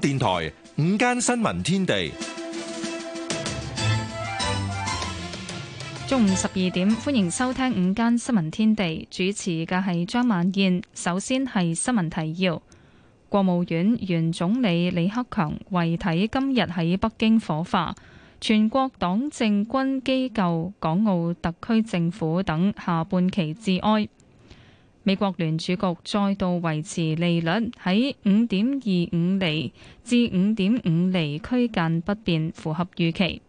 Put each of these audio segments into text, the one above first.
電台午間新聞天地，中午十二點歡迎收聽午間新聞天地，主持嘅係張曼燕。首先係新聞提要：國務院原總理李克強遺體今日喺北京火化，全國黨政軍機構、港澳特區政府等下半旗致哀。美國聯儲局再度維持利率喺五點二五厘至五點五厘區間不變，符合預期。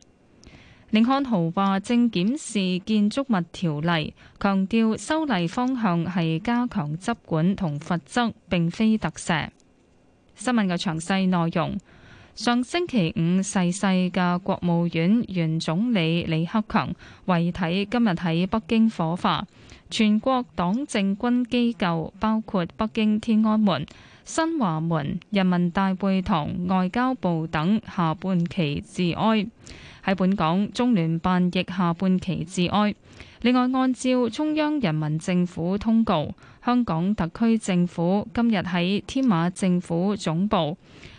寧漢豪話：正檢視建築物條例，強調修例方向係加強執管同罰則，並非特赦。新聞嘅詳細內容。上星期五逝世嘅國務院原總理李克強遺體今日喺北京火化，全國黨政軍機構，包括北京天安門、新華門、人民大會堂、外交部等下半旗致哀。喺本港，中聯辦亦下半旗致哀。另外，按照中央人民政府通告，香港特區政府今日喺天馬政府總部、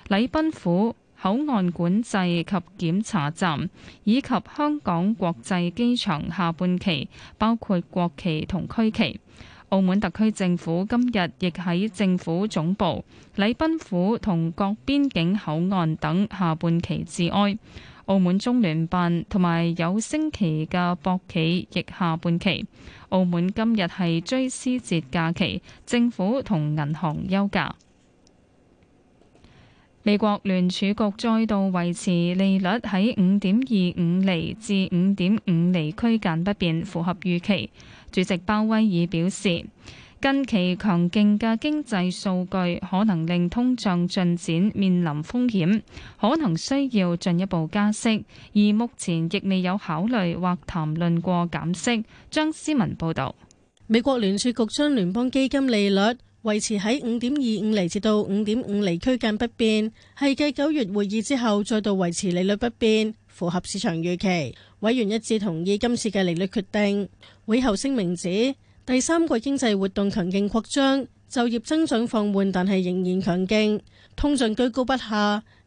禮賓府。口岸管制及檢查站，以及香港國際機場下半旗，包括國旗同區旗。澳門特區政府今日亦喺政府總部、禮賓府同各邊境口岸等下半旗致哀。澳門中聯辦同埋有升旗嘅博企亦下半旗。澳門今日係追思節假期，政府同銀行休假。美國聯儲局再度維持利率喺五點二五厘至五點五厘區間不變，符合預期。主席鮑威爾表示，近期強勁嘅經濟數據可能令通脹進展面臨風險，可能需要進一步加息，而目前亦未有考慮或談論過減息。張思文報道，美國聯儲局將聯邦基金利率。維持喺五點二五厘至到五點五厘區間不變，係繼九月會議之後再度維持利率不變，符合市場預期。委員一致同意今次嘅利率決定。會後聲明指，第三季經濟活動強勁擴張，就業增長放緩，但係仍然強勁，通脹居高不下，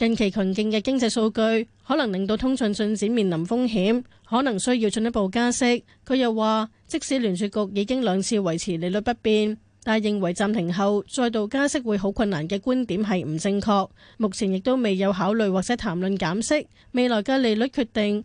近期強勁嘅經濟數據可能令到通脹進展面臨風險，可能需要進一步加息。佢又話，即使聯儲局已經兩次維持利率不變，但係認為暫停後再度加息會好困難嘅觀點係唔正確。目前亦都未有考慮或者談論減息。未來嘅利率決定。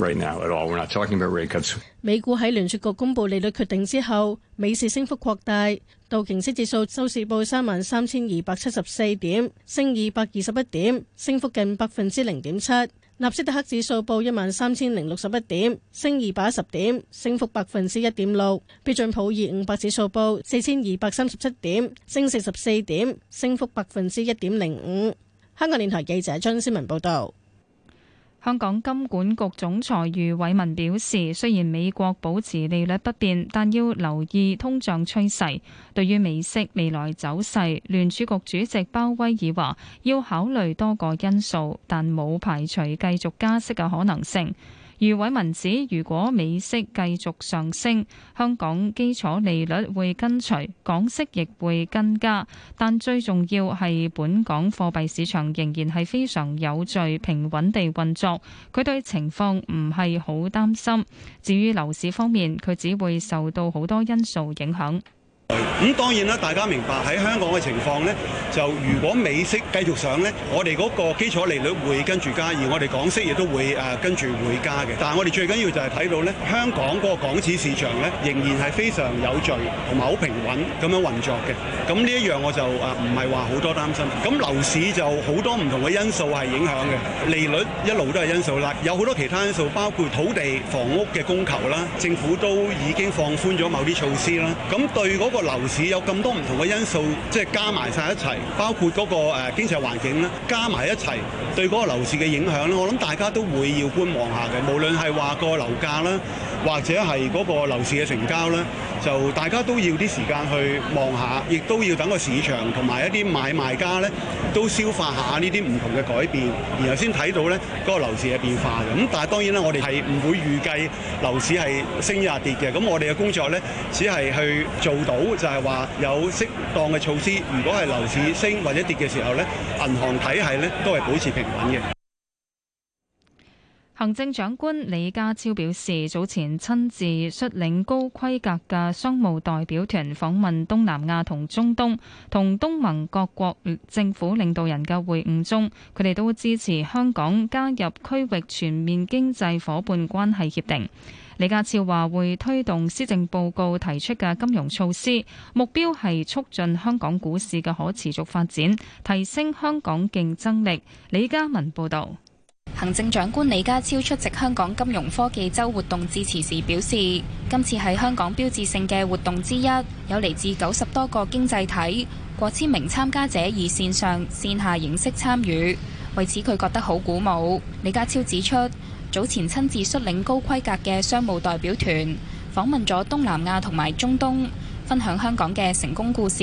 Right now, at all, we're not talking about rate cuts. 美股喺聯儲局公布利率決定之後，美市升幅擴大，道瓊斯指數收市報三萬三千二百七十四點，升二百二十一點，升幅近百分之零點七。納斯達克指數報一萬三千零六十一點，升二百十點，升幅百分之一點六。標準普爾五百指數報四千二百三十七點，升四十四點，升幅百分之一點零五。香港電台記者張思文報道。香港金管局總裁余偉文表示，雖然美國保持利率不變，但要留意通脹趨勢。對於美息未來走勢，聯儲局主席鮑威爾話要考慮多個因素，但冇排除繼續加息嘅可能性。余偉文指，如果美息繼續上升，香港基礎利率會跟隨，港息亦會增加。但最重要係本港貨幣市場仍然係非常有序、平穩地運作，佢對情況唔係好擔心。至於樓市方面，佢只會受到好多因素影響。咁、嗯、當然啦，大家明白喺香港嘅情況呢。就如果美息繼續上呢，我哋嗰個基礎利率會跟住加，而我哋港息亦都會誒、啊、跟住會加嘅。但係我哋最緊要就係睇到呢，香港嗰個港紙市，市場呢，仍然係非常有序同埋好平穩咁樣運作嘅。咁呢一樣我就啊唔係話好多擔心。咁樓市就好多唔同嘅因素係影響嘅，利率一路都係因素啦。有好多其他因素，包括土地、房屋嘅供求啦，政府都已經放寬咗某啲措施啦。咁對嗰、嗰個樓市有咁多唔同嘅因素，即係加埋晒一齊，包括嗰個誒經濟環境啦，加埋一齊對嗰個樓市嘅影響咧，我諗大家都會要觀望下嘅，無論係話個樓價啦。或者係嗰個樓市嘅成交呢，就大家都要啲時間去望下，亦都要等個市場同埋一啲買賣家呢都消化下呢啲唔同嘅改變，然後先睇到呢嗰個樓市嘅變化嘅。咁但係當然啦，我哋係唔會預計樓市係升跌、跌、跌嘅。咁我哋嘅工作呢，只係去做到就係話有適當嘅措施。如果係樓市升或者跌嘅時候呢，銀行體系呢都係保持平穩嘅。行政長官李家超表示，早前親自率領高規格嘅商務代表團訪問東南亞同中東，同東盟各國政府領導人嘅會晤中，佢哋都支持香港加入區域全面經濟夥伴關係協定。李家超話會推動施政報告提出嘅金融措施，目標係促進香港股市嘅可持續發展，提升香港競爭力。李嘉文報導。行政長官李家超出席香港金融科技周活動致辭時表示，今次係香港標誌性嘅活動之一，有嚟自九十多個經濟體、過千名參加者，以線上、線下形式參與。為此，佢覺得好鼓舞。李家超指出，早前親自率領高規格嘅商務代表團，訪問咗東南亞同埋中東，分享香港嘅成功故事。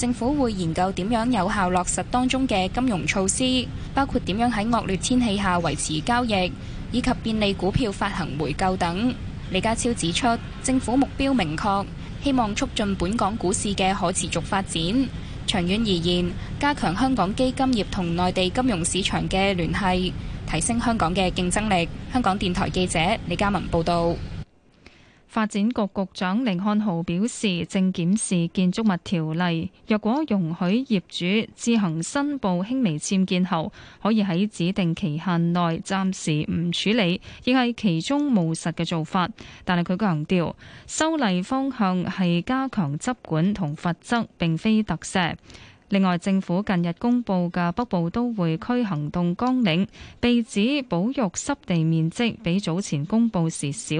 政府會研究點樣有效落實當中嘅金融措施，包括點樣喺惡劣天氣下維持交易，以及便利股票發行回購等。李家超指出，政府目標明確，希望促進本港股市嘅可持續發展。長遠而言，加強香港基金業同內地金融市場嘅聯繫，提升香港嘅競爭力。香港電台記者李嘉文報道。發展局局長甯漢豪表示，正檢視建築物條例，若果容許業主自行申報輕微僭建後，可以喺指定期限內暫時唔處理，亦係其中務實嘅做法。但係佢強調，修例方向係加強執管同罰則，並非特赦。另外，政府近日公布嘅北部都會區行動綱領被指保育濕地面積比早前公布時少。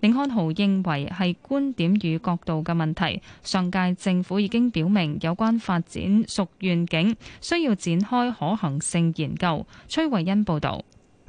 寧漢豪認為係觀點與角度嘅問題，上屆政府已經表明有關發展屬願景，需要展開可行性研究。崔慧欣報道。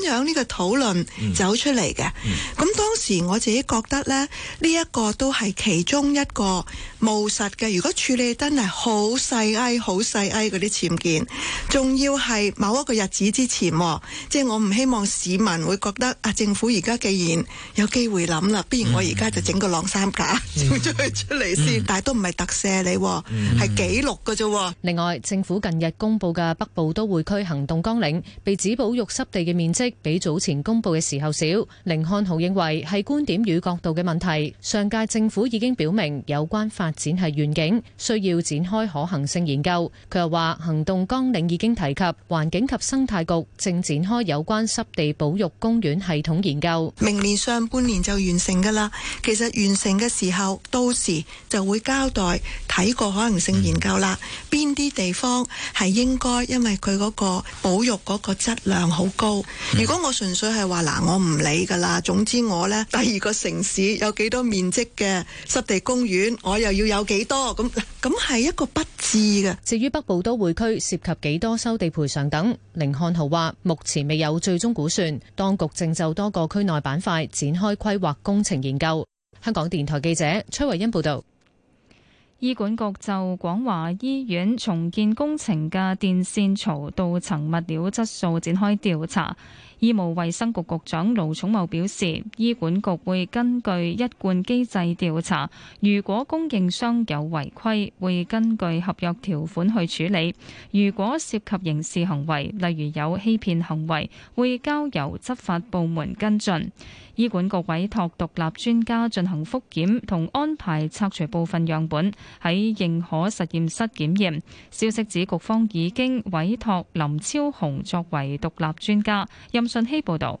樣呢個討論走出嚟嘅，咁、嗯、當時我自己覺得咧，呢、這、一個都係其中一個。務實嘅，如果處理得係好細埃、好細埃嗰啲僭建，仲要係某一個日子之前，即係我唔希望市民會覺得啊，政府而家既然有機會諗啦，不如我而家就整個晾衫架整咗佢出嚟先，但係都唔係特赦你，係紀錄嘅啫。另外，政府近日公布嘅北部都會區行動綱領，被指保育濕地嘅面積比早前公布嘅時候少。甯漢豪認為係觀點與角度嘅問題，上屆政府已經表明有關法。展係願景，需要展開可行性研究。佢又話行動綱領已經提及，環境及生態局正展開有關濕地保育公園系統研究，明年上半年就完成噶啦。其實完成嘅時候，到時就會交代睇過可行性研究啦，邊啲地方係應該，因為佢嗰個保育嗰個質量好高。如果我純粹係話嗱，我唔理噶啦，總之我咧，第二個城市有幾多面積嘅濕地公園，我又要。要有幾多咁？咁係一個不治嘅。至於北部都會區涉及幾多收地賠償等，甯漢豪話：目前未有最終估算，當局正就多個區內板塊展開規劃工程研究。香港電台記者崔慧欣報道。醫管局就廣華醫院重建工程嘅電線槽導層物料質素展開調查。醫務衛生局局長盧寵茂表示，醫管局會根據一貫機制調查，如果供應商有違規，會根據合約條款去處理；如果涉及刑事行為，例如有欺騙行為，會交由執法部門跟進。醫管局委託獨立專家進行複檢，同安排拆除部分樣本，喺認可實驗室檢驗。消息指局方已經委託林超雄作為獨立專家。任信希報道。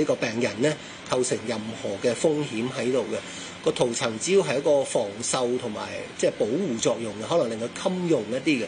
呢個病人呢，構成任何嘅風險喺度嘅，個塗層主要係一個防鏽同埋即係保護作用嘅，可能令佢襟用一啲嘅。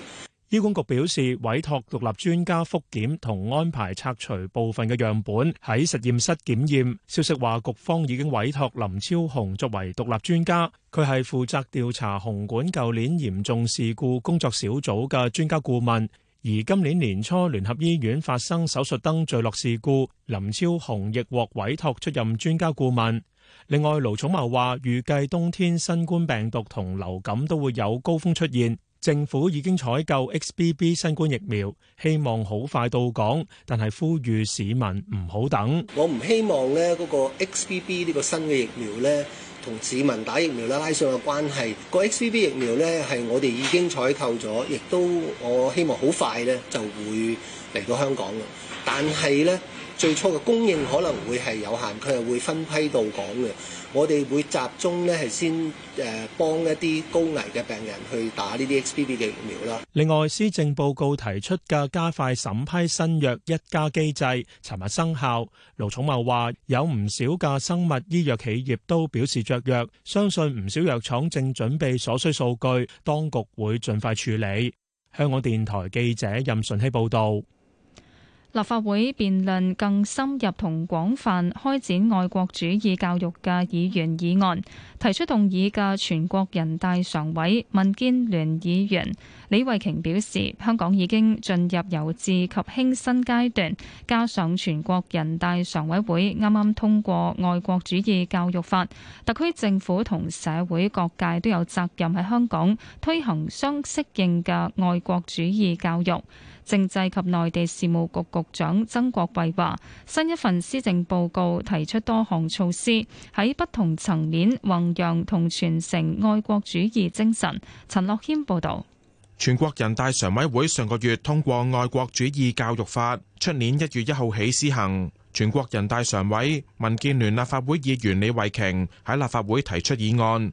醫管局表示委託獨立專家復檢同安排拆除部分嘅樣本喺實驗室檢驗。消息話局方已經委託林超雄作為獨立專家，佢係負責調查紅館舊年嚴重事故工作小組嘅專家顧問。而今年年初聯合醫院發生手術燈墜落事故，林超雄亦獲委託出任專家顧問。另外，盧寵茂話預計冬天新冠病毒同流感都會有高峰出現，政府已經採購 XBB 新冠疫苗，希望好快到港，但係呼籲市民唔好等。我唔希望呢嗰個 XBB 呢個新嘅疫苗咧。同市民打疫苗啦，拉上嘅關係，個 XBB 疫苗咧係我哋已經採購咗，亦都我希望好快咧就會嚟到香港嘅，但係咧。最初嘅供應可能會係有限，佢係會分批到港嘅。我哋會集中咧係先誒幫一啲高危嘅病人去打呢啲 XBB 嘅疫苗啦。另外，施政報告提出嘅加快審批新藥一加機制尋日生效。盧寵茂話有唔少嘅生物醫藥企業都表示雀躍，相信唔少藥廠正準備所需數據，當局會盡快處理。香港電台記者任順希報道。立法會辯論更深入同廣泛開展愛國主義教育嘅議員議案，提出動議嘅全國人大常委、民建聯議員李慧瓊表示：香港已經進入由治及興新階段，加上全國人大常委會啱啱通過《愛國主義教育法》，特區政府同社會各界都有責任喺香港推行相適應嘅愛國主義教育。政制及內地事務局局長曾國衛話：新一份施政報告提出多項措施，喺不同層面弘揚同傳承愛國主義精神。陳樂軒報導。全國人大常委會上個月通過《愛國主義教育法》，出年一月一號起施行。全國人大常委、民建聯立法會議員李慧瓊喺立法會提出議案。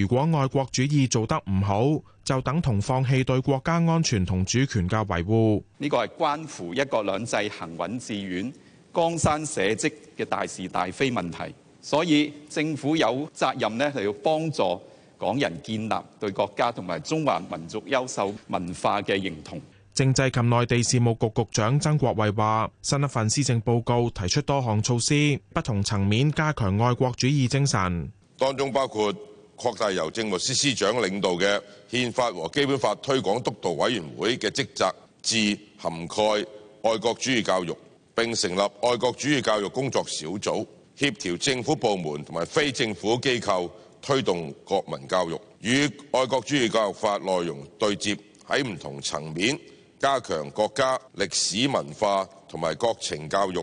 如果愛國主義做得唔好，就等同放棄對國家安全同主權嘅維護。呢個係關乎一國兩制行穩致遠、江山社稷嘅大是大非問題，所以政府有責任呢係要幫助港人建立對國家同埋中華民族優秀文化嘅認同。政制及內地事務局局長曾國衛話，新一份施政報告提出多項措施，不同層面加強愛國主義精神，當中包括。擴大由政務司司長領導嘅憲法和基本法推廣督導委員會嘅職責，至涵蓋愛國主義教育，並成立愛國主義教育工作小組，協調政府部門同埋非政府機構推動國民教育，與愛國主義教育法內容對接，喺唔同層面加強國家歷史文化同埋國情教育，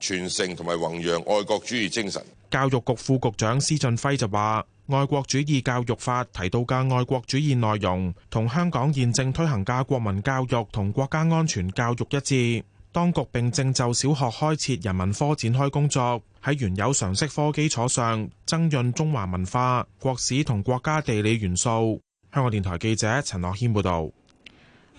傳承同埋弘揚愛國主義精神。教育局副局長施俊輝就話：《愛國主義教育法》提到嘅愛國主義內容，同香港現正推行嘅國民教育同國家安全教育一致。當局並正就小學開設人文科展開工作，喺原有常識科基礎上增潤中華文化、國史同國家地理元素。香港電台記者陳樂軒報導。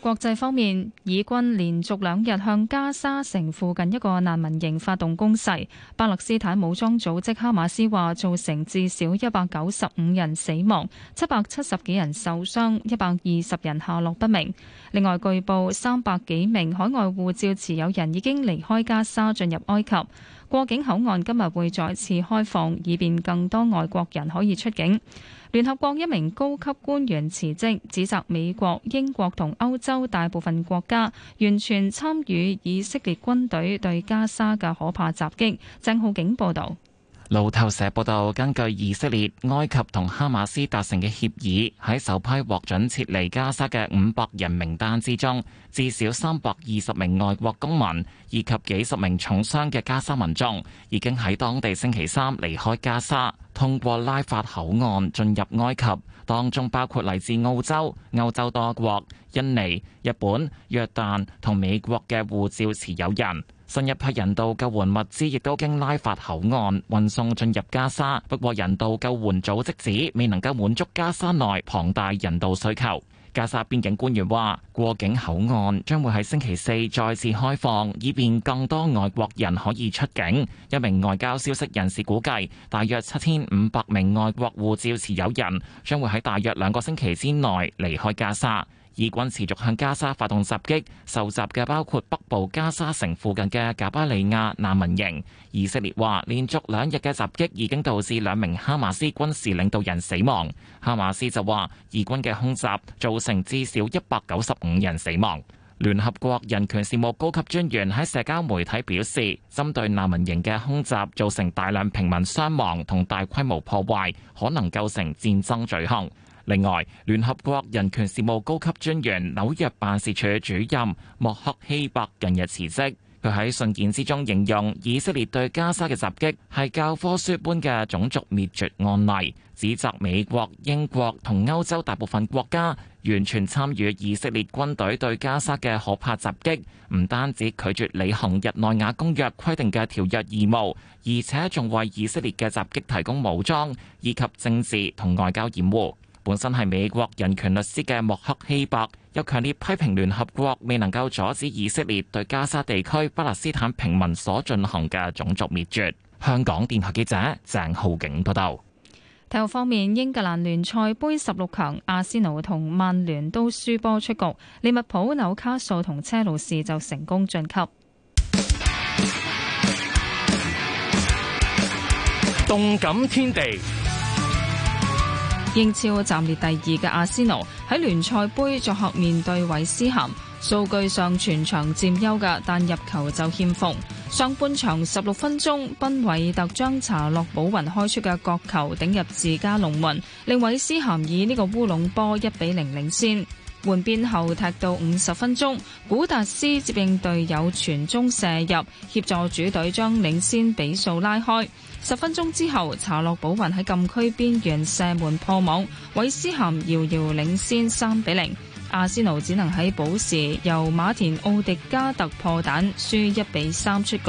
國際方面，以軍連續兩日向加沙城附近一個難民營發動攻勢。巴勒斯坦武裝組織哈馬斯話造成至少一百九十五人死亡，七百七十幾人受傷，一百二十人下落不明。另外，據報三百幾名海外護照持有人已經離開加沙，進入埃及。過境口岸今日會再次開放，以便更多外國人可以出境。聯合國一名高級官員辭職，指責美國、英國同歐洲大部分國家完全參與以色列軍隊對加沙嘅可怕襲擊。鄭浩景報導。路透社報道，根據以色列、埃及同哈馬斯達成嘅協議，喺首批獲准撤離加沙嘅五百人名單之中，至少三百二十名外國公民以及幾十名重傷嘅加沙民眾，已經喺當地星期三離開加沙，通過拉法口岸進入埃及，當中包括嚟自澳洲、歐洲多國、印尼、日本、約旦同美國嘅護照持有人。新一批人道救援物資亦都經拉法口岸運送進入加沙，不過人道救援組織指未能夠滿足加沙內龐大人道需求。加沙邊境官員話，過境口岸將會喺星期四再次開放，以便更多外國人可以出境。一名外交消息人士估計，大約七千五百名外國護照持有人將會喺大約兩個星期之內離開加沙。以軍持續向加沙發動襲擊，受襲嘅包括北部加沙城附近嘅賈巴利亞難民營。以色列話，連續兩日嘅襲擊已經導致兩名哈馬斯軍事領導人死亡。哈馬斯就話，以軍嘅空襲造成至少一百九十五人死亡。聯合國人權事務高級專員喺社交媒體表示，針對難民營嘅空襲造成大量平民傷亡同大規模破壞，可能構成戰爭罪行。另外，聯合國人權事務高級專員紐約辦事處主任莫克希伯近日辭職，佢喺信件之中形容以色列對加沙嘅襲擊係教科書般嘅種族滅絕案例，指責美國、英國同歐洲大部分國家完全參與以色列軍隊對加沙嘅可怕襲擊，唔單止拒絕履行《日內瓦公約》規定嘅條約義務，而且仲為以色列嘅襲擊提供武裝以及政治同外交掩護。本身係美國人權律師嘅莫克希伯，又強烈批評聯合國未能夠阻止以色列對加沙地區巴勒斯坦平民所進行嘅種族滅絕。香港電台記者鄭浩景報道。體育方面，英格蘭聯賽杯十六強，阿仙奴同曼聯都輸波出局，利物浦、紐卡素同車路士就成功晉級。動感天地。英超暫列第二嘅阿仙奴喺聯賽盃作客面對韋斯咸，數據上全場佔優嘅，但入球就欠奉。上半場十六分鐘，賓韋特將查洛寶雲開出嘅角球頂入自家龍門，令韋斯咸以呢個烏龍波一比零領先。換邊後踢到五十分鐘，古達斯接應隊友傳中射入，協助主隊將領先比數拉開。十分鐘之後，查洛保雲喺禁區邊緣射門破網，韋斯咸遙遙領先三比零。阿仙奴只能喺補時由馬田奧迪加特破蛋，輸一比三出局。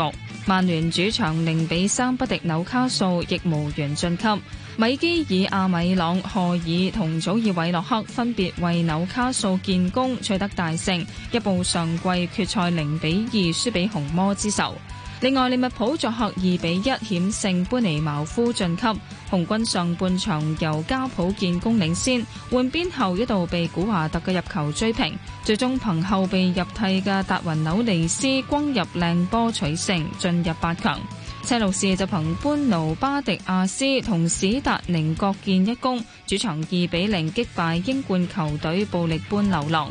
曼聯主場零比三不敵紐卡素，亦無緣晉級。米基爾、阿米朗、荷爾同祖爾維洛克分別為紐卡素建功，取得大勝。一報上季決賽零比二輸俾紅魔之仇。另外利物浦作客二比一險勝般尼茅夫晉級，紅軍上半場由加普建功領先，換邊後一度被古華特嘅入球追平，最終憑後備入替嘅達云紐尼斯轟入靚波取勝進入八強。車路士就憑般奴巴迪亞斯同史達寧各建一功，主場二比零擊敗英冠球隊，布力般流浪。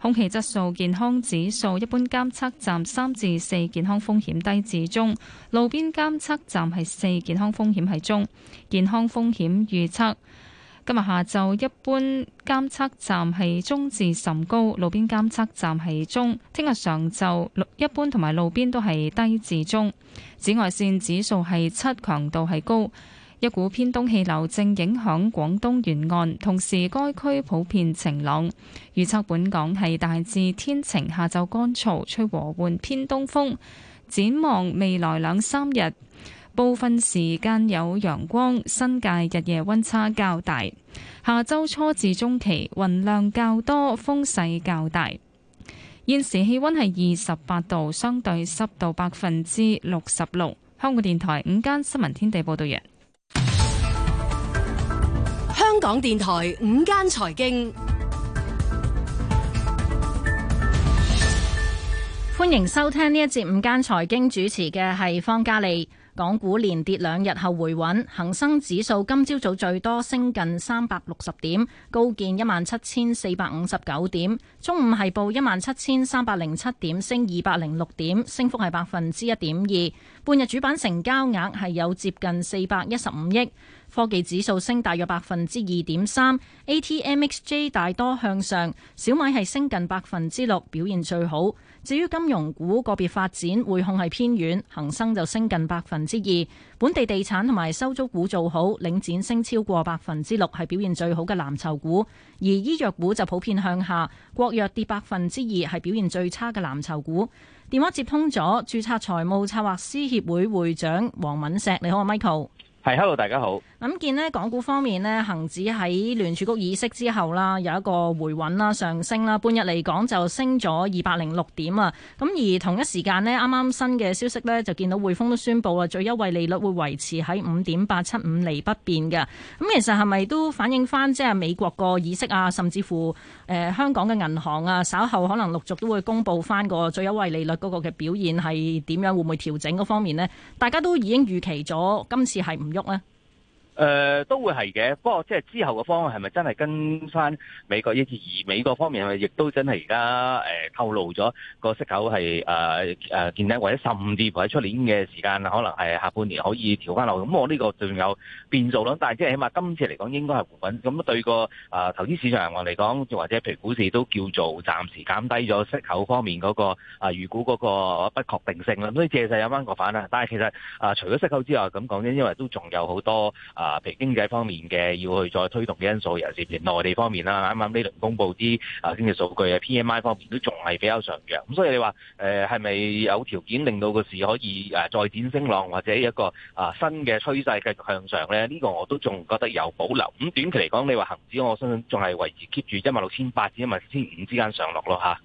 空氣質素健康指數一般監測站三至四，健康風險低至中；路邊監測站係四，健康風險係中。健康風險預測今日下晝一般監測站係中至甚高，路邊監測站係中。聽日上晝一般同埋路邊都係低至中。紫外線指數係七，強度係高。一股偏東氣流正影響廣東沿岸，同時該區普遍晴朗。預測本港係大致天晴，下晝乾燥，吹和緩偏東風。展望未來兩三日，部分時間有陽光，新界日夜溫差較大。下週初至中期雲量較多，風勢較大。現時氣溫係二十八度，相對濕度百分之六十六。香港電台午間新聞天地，報道員。香港電台午間財經，歡迎收聽呢一節午間財經主持嘅係方嘉利。港股連跌兩日後回穩，恒生指數今朝早,早最多升近三百六十點，高見一萬七千四百五十九點。中午係報一萬七千三百零七點，升二百零六點，升幅係百分之一點二。半日主板成交額係有接近四百一十五億。科技指數升大約百分之二點三，ATMXJ 大多向上，小米係升近百分之六，表現最好。至於金融股個別發展，匯控係偏軟，恒生就升近百分之二。本地地產同埋收租股做好，領展升超過百分之六，係表現最好嘅藍籌股。而醫藥股就普遍向下，國藥跌百分之二，係表現最差嘅藍籌股。電話接通咗，註冊財務策劃師協會會長黃敏碩，你好，阿 Michael。係，hello，大家好。咁見呢，港股方面呢，恒指喺聯儲局議息之後啦，有一個回穩啦，上升啦。半日嚟講就升咗二百零六點啊。咁而同一時間呢，啱啱新嘅消息呢，就見到匯豐都宣布啦，最優惠利率會維持喺五點八七五厘不變嘅。咁其實係咪都反映翻即係美國個議息啊，甚至乎誒香港嘅銀行啊，稍後可能陸續都會公布翻個最優惠利率嗰個嘅表現係點樣，會唔會調整嗰方面呢？大家都已經預期咗今次係唔喐呢。誒、呃、都會係嘅，不過即係之後嘅方案係咪真係跟翻美國一致？而美國方面係咪亦都真係而家誒透露咗個息口係誒誒見底，或者甚至乎喺出年嘅時間，可能係下半年可以調翻落？咁我呢個仲有變數咯。但係即係起碼今次嚟講應該係緩穩。咁對個啊投資市場嚟講，或者譬如股市都叫做暫時減低咗息口方面嗰、那個啊預、呃、估嗰個不確定性啦。咁所以借勢有翻個反啦。但係其實啊，除咗息口之外咁講咧，因為都仲有好多啊。啊，譬如經濟方面嘅要去再推動嘅因素，尤其是連內地方面啦，啱啱呢輪公布啲啊經濟數據啊，PMI 方面都仲係比較上揚，咁所以你話誒係咪有條件令到個市可以誒再展升浪，或者一個啊新嘅趨勢繼續向上咧？呢個我都仲覺得有保留。咁短期嚟講，你話恒指，我相信仲係維持 keep 住一萬六千八至一萬千五之間上落咯嚇。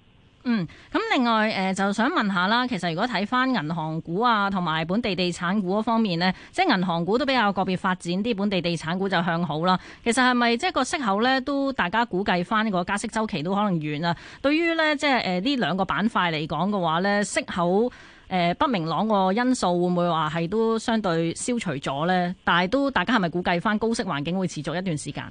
嗯，咁另外誒、呃，就想問下啦，其實如果睇翻銀行股啊，同埋本地地產股嗰方面咧，即係銀行股都比較個別發展啲，本地地產股就向好啦。其實，係咪即係個息口咧，都大家估計翻個加息周期都可能遠啊？對於咧，即係誒呢兩個板塊嚟講嘅話咧，息口誒、呃、不明朗個因素會唔會話，係都相對消除咗咧？但係都大家係咪估計翻高息環境會持續一段時間？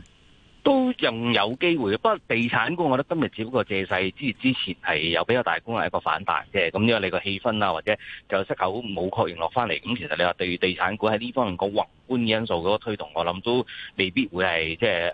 都仍有機會，不過地產股我覺得今日只不過借勢之之前係有比較大股一個反彈嘅，咁因為你個氣氛啊或者就息口冇確認落翻嚟，咁其實你話對地產股喺呢方面個運觀因素嗰個推動，我諗都未必會係即係誒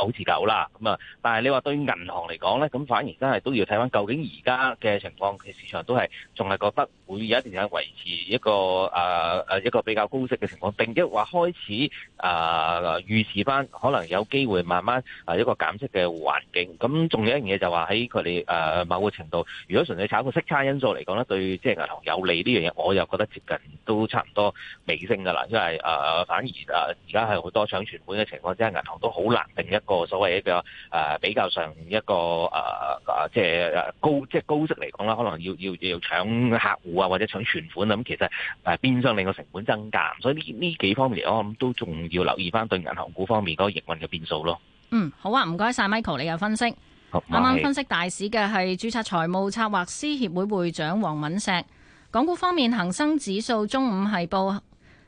好持久啦。咁啊，但係你話對銀行嚟講咧，咁反而真係都要睇翻究竟而家嘅情況，其實市場都係仲係覺得會有一段時間維持一個誒誒、呃、一個比較高息嘅情況，定抑或開始誒預、呃、示翻可能有機會慢慢誒一個減息嘅環境。咁仲有一樣嘢就話喺佢哋誒某個程度，如果純粹炒個息差因素嚟講咧，對即係、就是、銀行有利呢樣嘢，我又覺得接近都差唔多尾聲㗎啦，因為誒。呃反而誒而家係好多搶存款嘅情況之下，銀行都好難定一個所謂一個誒比較上一個誒誒、呃、即係誒高即係高息嚟講啦，可能要要要搶客戶啊，或者搶存款啦。咁其實誒變相令個成本增加，所以呢呢幾方面我諗都仲要留意翻對銀行股方面嗰個營運嘅變數咯。嗯，好啊，唔該晒 Michael 你嘅分析。啱啱分析大市嘅係註冊財務策劃師協會會長黃敏石。港股方面，恒生指數中午係報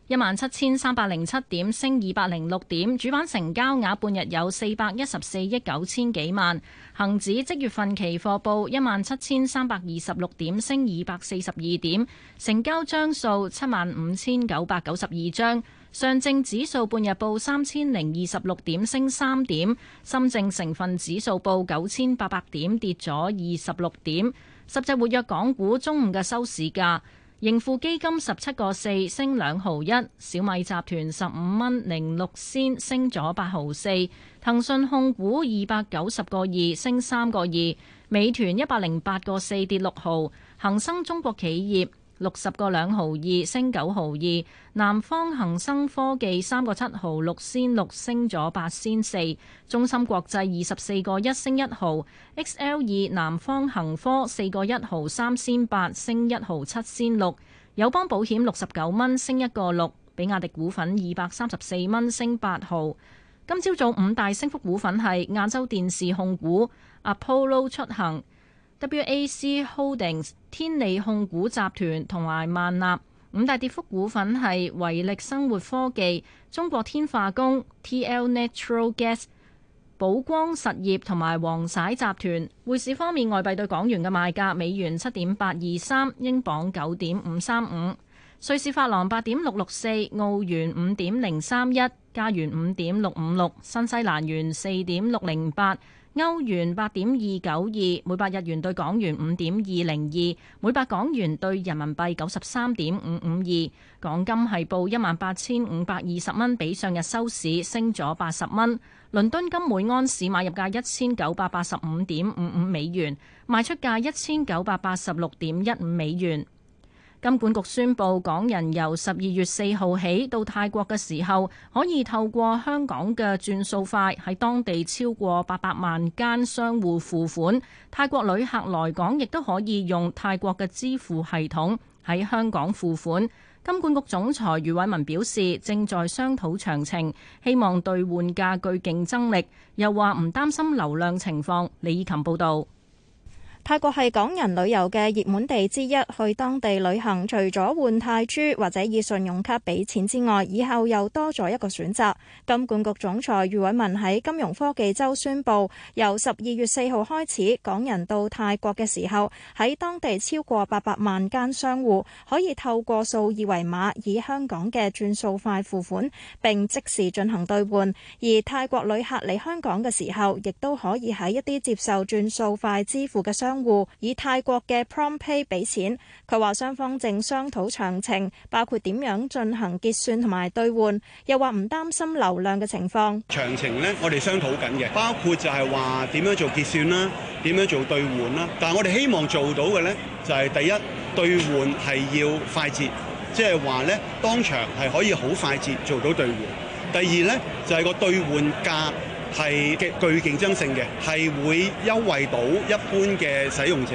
一萬七千三百零七點，升二百零六點，主板成交額半日有四百一十四億九千幾萬。恒指即月份期貨報一萬七千三百二十六點，升二百四十二點，成交張數七萬五千九百九十二張。上證指數半日報三千零二十六點，升三點。深證成分指數報九千八百點，跌咗二十六點。十隻活躍港股中午嘅收市價。盈富基金十七個四升兩毫一，小米集團十五蚊零六仙升咗八毫四，騰訊控股二百九十個二升三個二，美團一百零八個四跌六毫，恒生中國企業六十個兩毫二升九毫二，南方恒生科技三個七毫六仙六升咗八仙四，中芯國際二十四個一升一毫，XL 二南方恒科四個一毫三仙八升一毫七仙六，友邦保險六十九蚊升一個六，比亞迪股份二百三十四蚊升八毫，今朝早五大升幅股份係亞洲電視控股、Apollo 出行。W A C Holdings、天利控股集團同埋萬立。五大跌幅股份係維力生活科技、中國天化工、T L Natural Gas、寶光實業同埋黃曬集團。匯市方面，外幣對港元嘅賣價：美元七點八二三，英鎊九點五三五，瑞士法郎八點六六四，澳元五點零三一。加元五點六五六，6, 新西蘭元四點六零八，歐元八點二九二，每百日元對港元五點二零二，每百港元對人民幣九十三點五五二。港金係報一萬八千五百二十蚊，比上日收市升咗八十蚊。倫敦金每盎司買入價一千九百八十五點五五美元，賣出價一千九百八十六點一五美元。金管局宣布，港人由十二月四號起到泰國嘅時候，可以透過香港嘅轉數快喺當地超過八百萬間商戶付款。泰國旅客來港亦都可以用泰國嘅支付系統喺香港付款。金管局總裁余偉文表示，正在商討詳情，希望兌換價具競爭力，又話唔擔心流量情況。李以琴報道。泰國係港人旅遊嘅熱門地之一，去當地旅行除咗換泰銖或者以信用卡俾錢之外，以後又多咗一個選擇。金管局總裁余偉文喺金融科技周宣布，由十二月四號開始，港人到泰國嘅時候，喺當地超過八百萬間商戶可以透過掃二維碼以香港嘅轉數快付款，並即時進行兌換，而泰國旅客嚟香港嘅時候，亦都可以喺一啲接受轉數快支付嘅商。以泰國嘅 PromptPay 俾錢，佢話雙方正商討詳情，包括點樣進行結算同埋兌換，又話唔擔心流量嘅情況。詳情呢，我哋商討緊嘅，包括就係話點樣做結算啦，點樣做兌換啦。但係我哋希望做到嘅呢，就係第一，兌換係要快捷，即係話呢當場係可以好快捷做到兌換，第二呢就係個兌換價。係極具競爭性嘅，係會優惠到一般嘅使用者，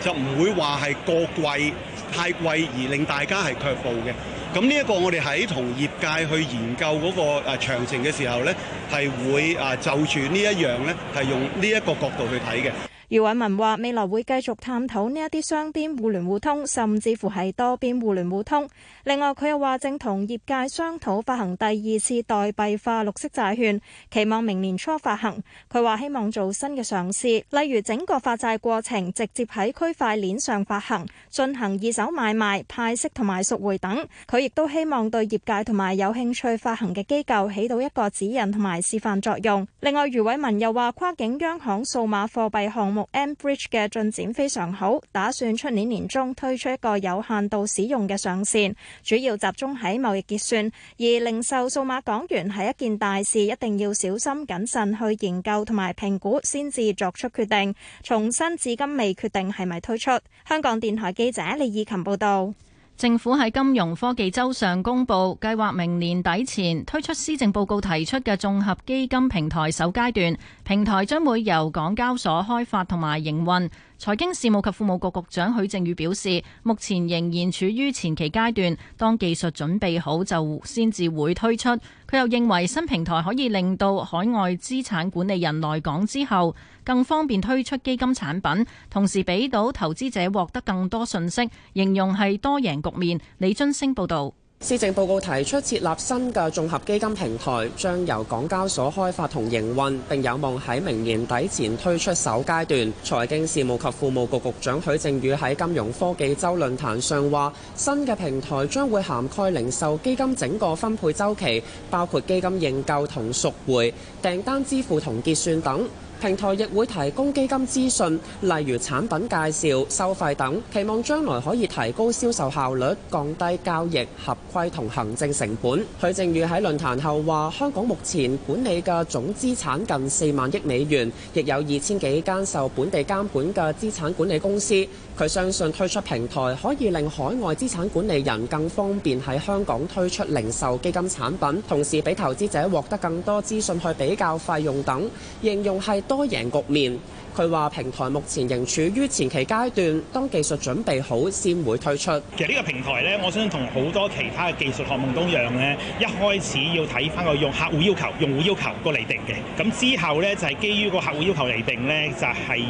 就唔會話係過貴、太貴而令大家係卻步嘅。咁呢一個我哋喺同業界去研究嗰個誒詳情嘅時候呢，係會啊就住呢一樣呢，係用呢一個角度去睇嘅。余偉文話：未來會繼續探討呢一啲雙邊互聯互通，甚至乎係多邊互聯互通。另外，佢又話正同業界商討發行第二次代幣化綠色債券，期望明年初發行。佢話希望做新嘅嘗試，例如整個發債過程直接喺區塊鏈上發行，進行二手買賣、派息同埋贖回等。佢亦都希望對業界同埋有興趣發行嘅機構起到一個指引同埋示範作用。另外，余偉文又話跨境央行數碼貨幣項目。M Bridge 嘅進展非常好，打算出年年中推出一個有限度使用嘅上線，主要集中喺貿易結算。而零售數碼港元係一件大事，一定要小心謹慎去研究同埋評估，先至作出決定。重新至今未決定係咪推出。香港電台記者李以琴報道。政府喺金融科技周上公布，計劃明年底前推出施政報告提出嘅綜合基金平台首階段平台，將會由港交所開發同埋營運。財經事務及庫務局局長許正宇表示，目前仍然處於前期階段，當技術準備好就先至會推出。佢又認為新平台可以令到海外資產管理人來港之後。更方便推出基金產品，同時俾到投資者獲得更多信息，形容係多贏局面。李津升報道。施政報告提出設立新嘅綜合基金平台，將由港交所開發同營運，並有望喺明年底前推出首階段。財經事務及服務局局長許正宇喺金融科技周論壇上話，新嘅平台將會涵蓋零售基金整個分配周期，包括基金認購同贖回、訂單支付同結算等。平台亦會提供基金資訊，例如產品介紹、收費等，期望將來可以提高銷售效率、降低交易合規同行政成本。許正宇喺論壇後話：香港目前管理嘅總資產近四萬億美元，亦有二千幾間受本地監管嘅資產管理公司。佢相信推出平台可以令海外資產管理人更方便喺香港推出零售基金產品，同時俾投資者獲得更多資訊去比較費用等。形容係多贏局面。佢話平台目前仍處於前期階段，當技術準備好先會推出。其實呢個平台咧，我想同好多其他嘅技術項目都一樣咧，一開始要睇返個用客戶要求、用戶要求個嚟定嘅。咁之後咧就係、是、基於個客戶要求嚟定咧，就係、是、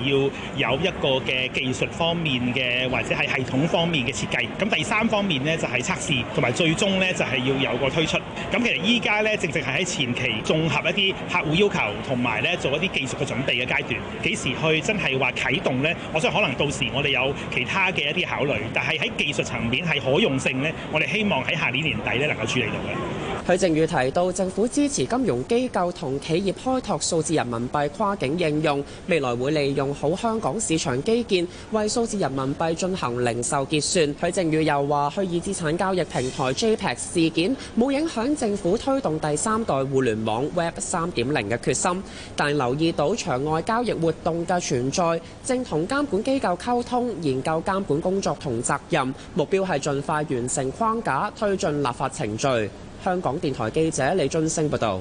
要有一個嘅技術方面嘅或者係系統方面嘅設計，咁第三方面咧就係測試同埋最終咧就係、是、要有個推出。咁其實依家咧正正係喺前期綜合一啲客戶要求同埋咧做一啲技術嘅準備嘅階段，幾時。去真係話啟動咧，我想可能到時我哋有其他嘅一啲考慮。但係喺技術層面，係可用性咧，我哋希望喺下年年底咧能夠處理到嘅。許正宇提到，政府支持金融機構同企業開拓數字人民幣跨境應用，未來會利用好香港市場基建，為數字人民幣進行零售結算。許正宇又話，虛擬資產交易平台 JPEX 事件冇影響政府推動第三代互聯網 Web 三點零嘅決心，但留意到場外交易活動嘅存在，正同監管機構溝通，研究監管工作同責任，目標係盡快完成框架，推進立法程序。香港電台記者李俊升報道，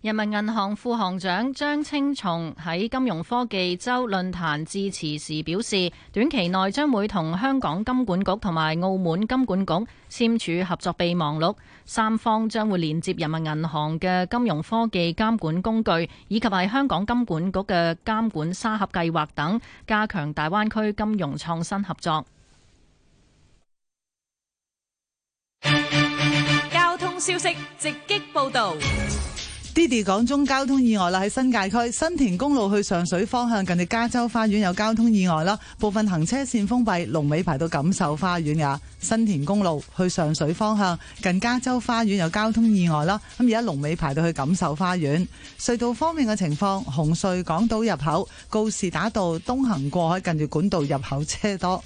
人民銀行副行長張青松喺金融科技周論壇致辭時表示，短期內將會同香港金管局同埋澳門金管局簽署合作備忘錄，三方將會連接人民銀行嘅金融科技監管工具，以及係香港金管局嘅監管沙盒計劃等，加強大灣區金融創新合作。消息直擊報道。Diddy 講中交通意外啦！喺新界區新田公路去上水方向，近住加州花園有交通意外啦，部分行車線封閉，龍尾排到錦繡花園啊！新田公路去上水方向，近加州花園有交通意外啦！咁而家龍尾排到去錦繡花園。隧道方面嘅情況，紅隧港島入口告士打道東行過海，近住管道入口車多；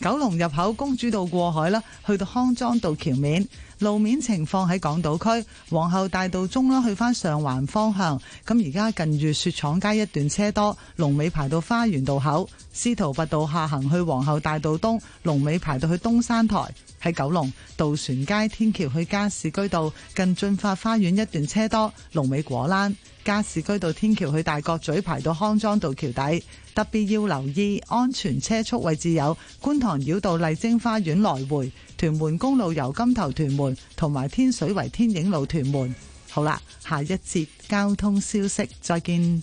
九龍入口公主道過海啦，去到康莊道橋面。路面情況喺港島區皇后大道中啦，去返上環方向，咁而家近住雪廠街一段車多，龍尾排到花園道口。司徒拔道下行去皇后大道東，龍尾排到去東山台。喺九龍渡船街天橋去加士居道，近駿發花園一段車多，龍尾果欄。加士居道天橋去大角咀排到康莊道橋底，特別要留意安全車速位置有觀塘繞道麗晶花園來回、屯門公路由金頭屯門同埋天水圍天影路屯門。好啦，下一節交通消息，再見。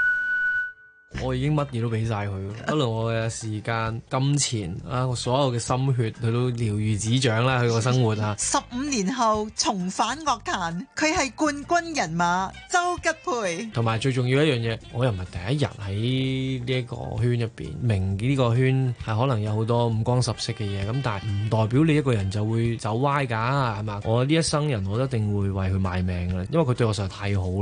我已經乜嘢都俾晒佢，可能我嘅時間、金錢啊，我所有嘅心血，佢都了如指掌啦。佢個生活啊，十五年後重返樂壇，佢係冠軍人馬周吉培。同埋最重要一樣嘢，我又唔係第一日喺呢一個圈入邊，明記呢個圈係可能有好多五光十色嘅嘢，咁但係唔代表你一個人就會走歪噶，係嘛？我呢一生人，我都一定會為佢賣命噶，因為佢對我實在太好。